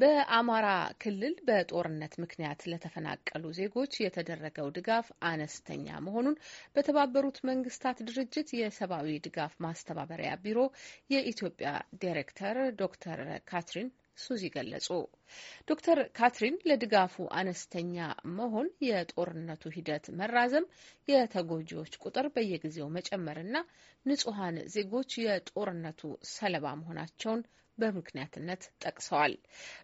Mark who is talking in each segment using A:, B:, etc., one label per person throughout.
A: በአማራ ክልል በጦርነት ምክንያት ለተፈናቀሉ ዜጎች የተደረገው ድጋፍ አነስተኛ መሆኑን በተባበሩት መንግስታት ድርጅት የሰብአዊ ድጋፍ ማስተባበሪያ ቢሮ የኢትዮጵያ ዳይሬክተር ዶክተር ካትሪን ሱዚ ገለጹ። ዶክተር ካትሪን ለድጋፉ አነስተኛ መሆን የጦርነቱ ሂደት መራዘም፣ የተጎጂዎች ቁጥር በየጊዜው መጨመርና ንጹሐን ዜጎች የጦርነቱ ሰለባ መሆናቸውን በምክንያትነት ጠቅሰዋል።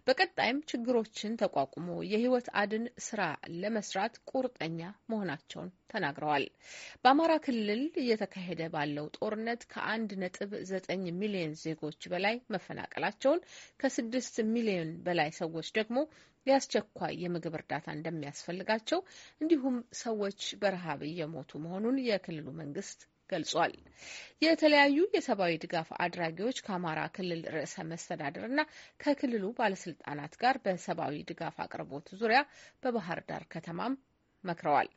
A: በቀጣይም ችግሮችን ተቋቁሞ የህይወት አድን ስራ ለመስራት ቁርጠኛ መሆናቸውን ተናግረዋል። በአማራ ክልል እየተካሄደ ባለው ጦርነት ከአንድ ነጥብ ዘጠኝ ሚሊዮን ዜጎች በላይ መፈናቀላቸውን ከስድስት ሚሊዮን በላይ ሰዎች ደግሞ የአስቸኳይ የምግብ እርዳታ እንደሚያስፈልጋቸው እንዲሁም ሰዎች በረሃብ እየሞቱ መሆኑን የክልሉ መንግስት ገልጿል። የተለያዩ የሰብአዊ ድጋፍ አድራጊዎች ከአማራ ክልል ርዕሰ መስተዳድርና ከክልሉ ባለስልጣናት ጋር በሰብአዊ ድጋፍ አቅርቦት ዙሪያ በባህር ዳር ከተማም መክረዋል።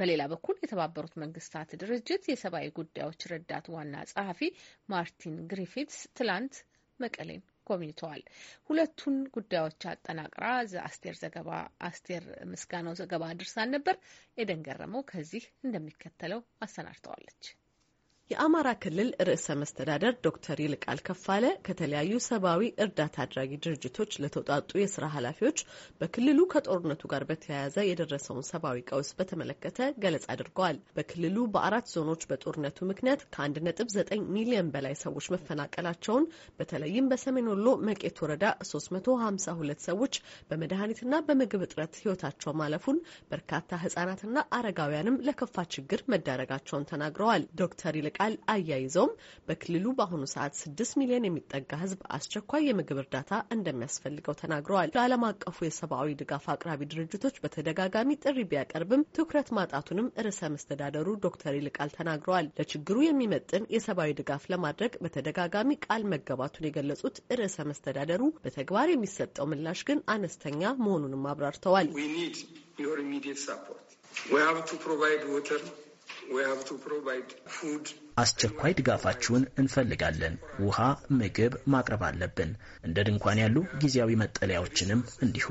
A: በሌላ በኩል የተባበሩት መንግስታት ድርጅት የሰብአዊ ጉዳዮች ረዳት ዋና ጸሐፊ ማርቲን ግሪፊትስ ትላንት መቀሌን ጎብኝተዋል። ሁለቱን ጉዳዮች አጠናቅራ አስቴር ዘገባ አስቴር ምስጋናው ዘገባ አድርሳን ነበር። ኤደን ገረመው ከዚህ እንደሚከተለው አሰናድተዋለች። የአማራ ክልል
B: ርዕሰ መስተዳደር ዶክተር ይልቃል ከፋለ ከተለያዩ ሰብአዊ እርዳታ አድራጊ ድርጅቶች ለተውጣጡ የስራ ኃላፊዎች በክልሉ ከጦርነቱ ጋር በተያያዘ የደረሰውን ሰብአዊ ቀውስ በተመለከተ ገለጻ አድርገዋል። በክልሉ በአራት ዞኖች በጦርነቱ ምክንያት ከ1.9 ሚሊዮን በላይ ሰዎች መፈናቀላቸውን በተለይም በሰሜን ወሎ መቄት ወረዳ 352 ሰዎች በመድኃኒትና በምግብ እጥረት ህይወታቸው ማለፉን በርካታ ህጻናትና አረጋውያንም ለከፋ ችግር መዳረጋቸውን ተናግረዋል። ዶክተር ቃል አያይዘውም በክልሉ በአሁኑ ሰዓት ስድስት ሚሊዮን የሚጠጋ ህዝብ አስቸኳይ የምግብ እርዳታ እንደሚያስፈልገው ተናግረዋል። ለዓለም አቀፉ የሰብአዊ ድጋፍ አቅራቢ ድርጅቶች በተደጋጋሚ ጥሪ ቢያቀርብም ትኩረት ማጣቱንም ርዕሰ መስተዳደሩ ዶክተር ይልቃል ተናግረዋል። ለችግሩ የሚመጥን የሰብአዊ ድጋፍ ለማድረግ በተደጋጋሚ ቃል መገባቱን የገለጹት ርዕሰ መስተዳደሩ በተግባር የሚሰጠው ምላሽ ግን አነስተኛ መሆኑንም አብራርተዋል።
C: አስቸኳይ ድጋፋችሁን እንፈልጋለን። ውሃ፣ ምግብ ማቅረብ አለብን። እንደ ድንኳን ያሉ ጊዜያዊ መጠለያዎችንም እንዲሁ።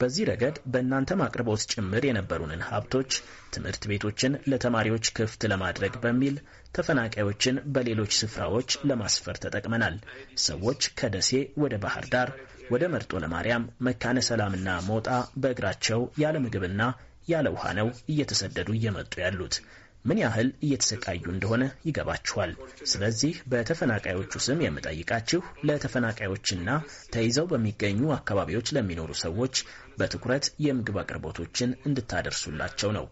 C: በዚህ ረገድ በእናንተ አቅርቦት ጭምር የነበሩንን ሀብቶች ትምህርት ቤቶችን ለተማሪዎች ክፍት ለማድረግ በሚል ተፈናቃዮችን በሌሎች ስፍራዎች ለማስፈር ተጠቅመናል። ሰዎች ከደሴ ወደ ባህር ዳር፣ ወደ መርጦ ለማርያም፣ መካነ ሰላምና ሞጣ በእግራቸው ያለ ምግብና ያለ ውሃ ነው እየተሰደዱ እየመጡ ያሉት። ምን ያህል እየተሰቃዩ እንደሆነ ይገባችኋል። ስለዚህ በተፈናቃዮቹ ስም የምጠይቃችሁ ለተፈናቃዮችና ተይዘው በሚገኙ አካባቢዎች ለሚኖሩ ሰዎች በትኩረት የምግብ አቅርቦቶችን እንድታደርሱላቸው ነው።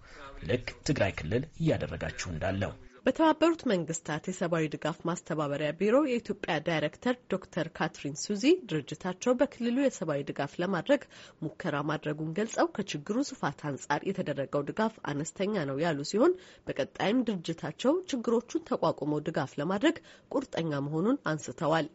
C: ልክ ትግራይ ክልል እያደረጋችሁ እንዳለው
B: በተባበሩት መንግስታት የሰብአዊ ድጋፍ ማስተባበሪያ ቢሮ የኢትዮጵያ ዳይሬክተር ዶክተር ካትሪን ሱዚ ድርጅታቸው በክልሉ የሰብአዊ ድጋፍ ለማድረግ ሙከራ ማድረጉን ገልጸው ከችግሩ ስፋት አንጻር የተደረገው ድጋፍ አነስተኛ ነው ያሉ ሲሆን በቀጣይም ድርጅታቸው ችግሮቹን ተቋቁመው ድጋፍ ለማድረግ
A: ቁርጠኛ መሆኑን አንስተዋል።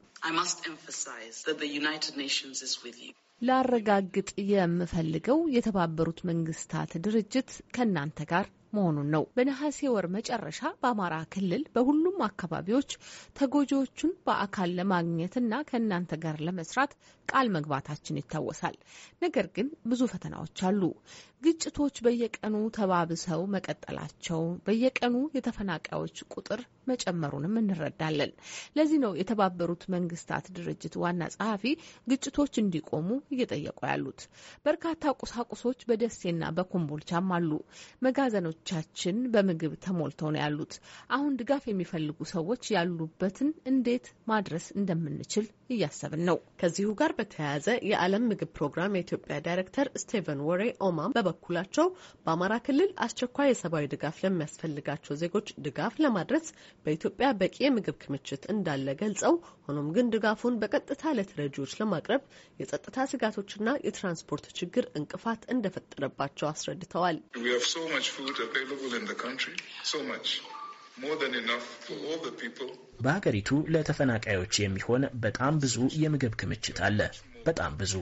A: ላረጋግጥ የምፈልገው የተባበሩት መንግስታት ድርጅት ከእናንተ ጋር መሆኑን ነው። በነሐሴ ወር መጨረሻ በአማራ ክልል በሁሉም አካባቢዎች ተጎጂዎቹን በአካል ለማግኘትና ከእናንተ ጋር ለመስራት ቃል መግባታችን ይታወሳል። ነገር ግን ብዙ ፈተናዎች አሉ። ግጭቶች በየቀኑ ተባብሰው መቀጠላቸው በየቀኑ የተፈናቃዮች ቁጥር መጨመሩንም እንረዳለን። ለዚህ ነው የተባበሩት መንግስታት ድርጅት ዋና ጸሐፊ ግጭቶች እንዲቆሙ እየጠየቁ ያሉት። በርካታ ቁሳቁሶች በደሴና በኮምቦልቻም አሉ። መጋዘኖቻችን በምግብ ተሞልተው ነው ያሉት። አሁን ድጋፍ የሚፈልጉ ሰዎች ያሉበትን እንዴት ማድረስ እንደምንችል እያሰብን ነው። ከዚሁ ጋር በተያያዘ
B: የዓለም ምግብ ፕሮግራም የኢትዮጵያ ዳይሬክተር ስቴቨን ወሬ ኦማም በበኩላቸው በአማራ ክልል አስቸኳይ የሰብአዊ ድጋፍ ለሚያስፈልጋቸው ዜጎች ድጋፍ ለማድረስ በኢትዮጵያ በቂ የምግብ ክምችት እንዳለ ገልጸው፣ ሆኖም ግን ድጋፉን በቀጥታ ለተረጂዎች ለማቅረብ የጸጥታ ስጋቶችና የትራንስፖርት ችግር እንቅፋት እንደፈጠረባቸው አስረድተዋል።
C: በሀገሪቱ ለተፈናቃዮች የሚሆን በጣም ብዙ የምግብ ክምችት አለ። በጣም ብዙ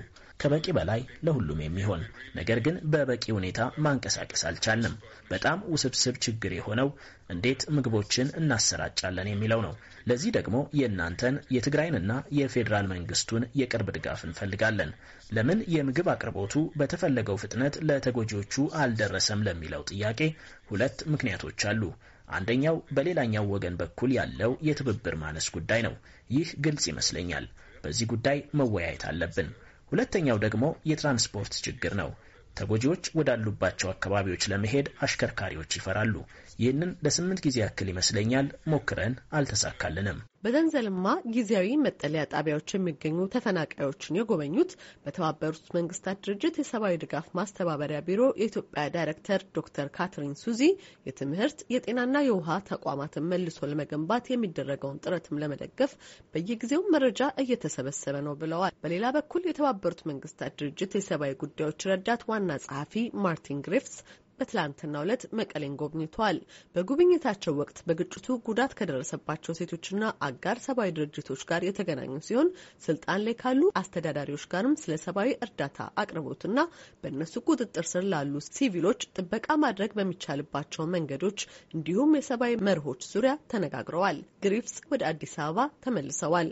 C: ከበቂ በላይ ለሁሉም የሚሆን ነገር ግን በበቂ ሁኔታ ማንቀሳቀስ አልቻልንም። በጣም ውስብስብ ችግር የሆነው እንዴት ምግቦችን እናሰራጫለን የሚለው ነው። ለዚህ ደግሞ የእናንተን የትግራይንና የፌዴራል መንግስቱን የቅርብ ድጋፍ እንፈልጋለን። ለምን የምግብ አቅርቦቱ በተፈለገው ፍጥነት ለተጎጂዎቹ አልደረሰም ለሚለው ጥያቄ ሁለት ምክንያቶች አሉ። አንደኛው በሌላኛው ወገን በኩል ያለው የትብብር ማነስ ጉዳይ ነው። ይህ ግልጽ ይመስለኛል። በዚህ ጉዳይ መወያየት አለብን። ሁለተኛው ደግሞ የትራንስፖርት ችግር ነው። ተጎጂዎች ወዳሉባቸው አካባቢዎች ለመሄድ አሽከርካሪዎች ይፈራሉ። ይህንን ለስምንት ጊዜ ያክል ይመስለኛል ሞክረን አልተሳካልንም።
B: በዘንዘልማ ጊዜያዊ መጠለያ ጣቢያዎች የሚገኙ ተፈናቃዮችን የጎበኙት በተባበሩት መንግስታት ድርጅት የሰብአዊ ድጋፍ ማስተባበሪያ ቢሮ የኢትዮጵያ ዳይሬክተር ዶክተር ካትሪን ሱዚ የትምህርት የጤናና የውሃ ተቋማትን መልሶ ለመገንባት የሚደረገውን ጥረትም ለመደገፍ በየጊዜው መረጃ እየተሰበሰበ ነው ብለዋል። በሌላ በኩል የተባበሩት መንግስታት ድርጅት የሰብአዊ ጉዳዮች ረዳት ዋና ጸሐፊ ማርቲን ግሪፍትስ በትላንትናው ዕለት መቀሌን ጎብኝተዋል። በጉብኝታቸው ወቅት በግጭቱ ጉዳት ከደረሰባቸው ሴቶችና አጋር ሰብአዊ ድርጅቶች ጋር የተገናኙ ሲሆን ስልጣን ላይ ካሉ አስተዳዳሪዎች ጋርም ስለ ሰብአዊ እርዳታ አቅርቦትና በእነሱ ቁጥጥር ስር ላሉ ሲቪሎች ጥበቃ ማድረግ በሚቻልባቸው መንገዶች እንዲሁም የሰብአዊ መርሆች ዙሪያ ተነጋግረዋል። ግሪፍስ ወደ አዲስ አበባ ተመልሰዋል።